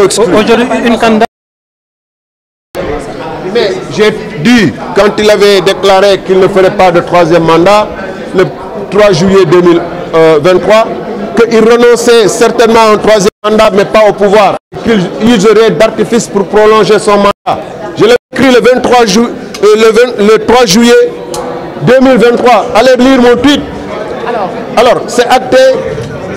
Aujourd'hui, une candidate. Mais j'ai dit, quand il avait déclaré qu'il ne ferait pas de troisième mandat, le 3 juillet 2023, euh, qu'il renonçait certainement à un troisième mandat, mais pas au pouvoir, qu'il userait d'artifice pour prolonger son mandat. Je l'ai écrit le, 23 ju euh, le, 20, le 3 juillet 2023. Allez lire mon tweet. Alors c'est acté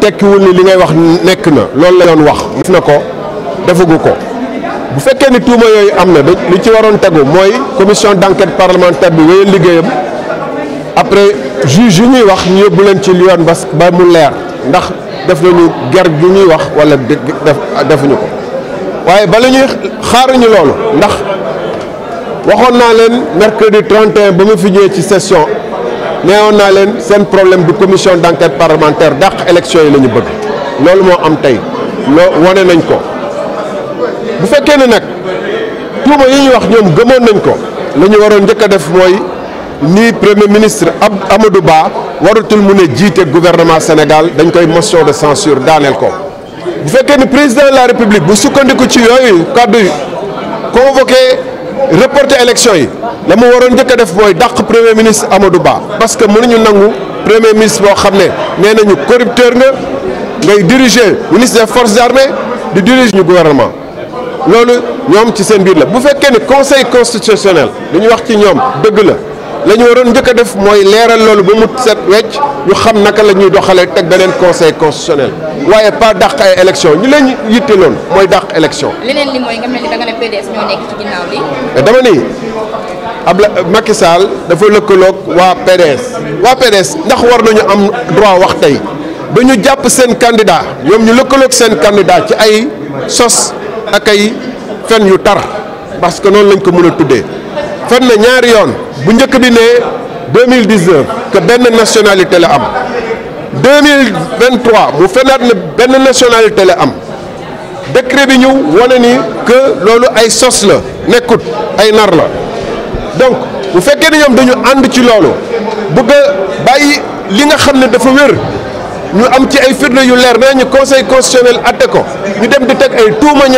tekkiwul ni li ngay wax nekk na loolu la yoon wax def na ko defagu ko bu fekkee ni tuuma yooyu am na li ci waroon tegu mooy commission d'enquête parlementaire bi wéyal liggéeyam après juge yu ñuy wax ñu yóbbu leen ci yoon bas ba mu leer ndax def nañu ger gi ñuy wax wala defuñu ko waaye bala ñuy xaaruñu loolu ndax waxoon naa leen mercredi 31 ba mu fi ñëwee ci session neewoon naa leen seen problème du commission d' enquête parlementaire dàq élection yi la ñu bëgg loolu moo am tey loo wane nañ ko bu fekkee ne nag tuuma yi ñu wax ñoom gëmoon nañ ko la ñu waroon njëkk a def mooy nii premier ministre ab Amadou Ba waratul mu ne jiite gouvernement Sénégal dañ koy motion de censure daaneel ko bu fekkee ne président la république bu sukkandiku ci yooyu kàddu convoqué reporter élection yi la mu waroon njëkk a def mooy dàq premier ministre Amadou Ba parce que mënuñu nangu premier ministre boo xam ne nee nañu corrupteur nga ngay diriger ministre des forces armées di diriger ñu gouvernement loolu ñoom ci seen biir la bu fekkee ne conseil constitutionnel lu wax ci ñoom dëgg la la ñu waroon njëkk def mooy leeral loolu ba mu set wecc ñu xam naka la ñuy doxalee teg beneen conseil constitutionnel waaye pa dàq ay élection ñu leen yitte loon mooy dàq élection. leneen ne PDS ñoo nekk ci ginnaaw dama ni Abla Macky dafa lëkkaloog waa PDS waa PDS ndax war nañu am droit wax tey ba jàpp seen candidat ñoom ñu lëkkaloog seen candidat ci ay sos ak ay fen yu tar parce que noonu lañ ko mën a tuddee fen na ñaari yoon bu njëkk bi ne 2019 que benn nationalité la am. 2023 mu fenaat ne benn nationalité la am décret bi ñëw wane ni que loolu ay sos la nekkut ay nar la donc bu fekkee ne ñoom dañu ànd ci loolu bëgg a bàyyi li nga xam ne dafa wér ñu am ci ay firnde yu leer nañu conseil constitutionnel atte ko ñu dem di teg ay tuuma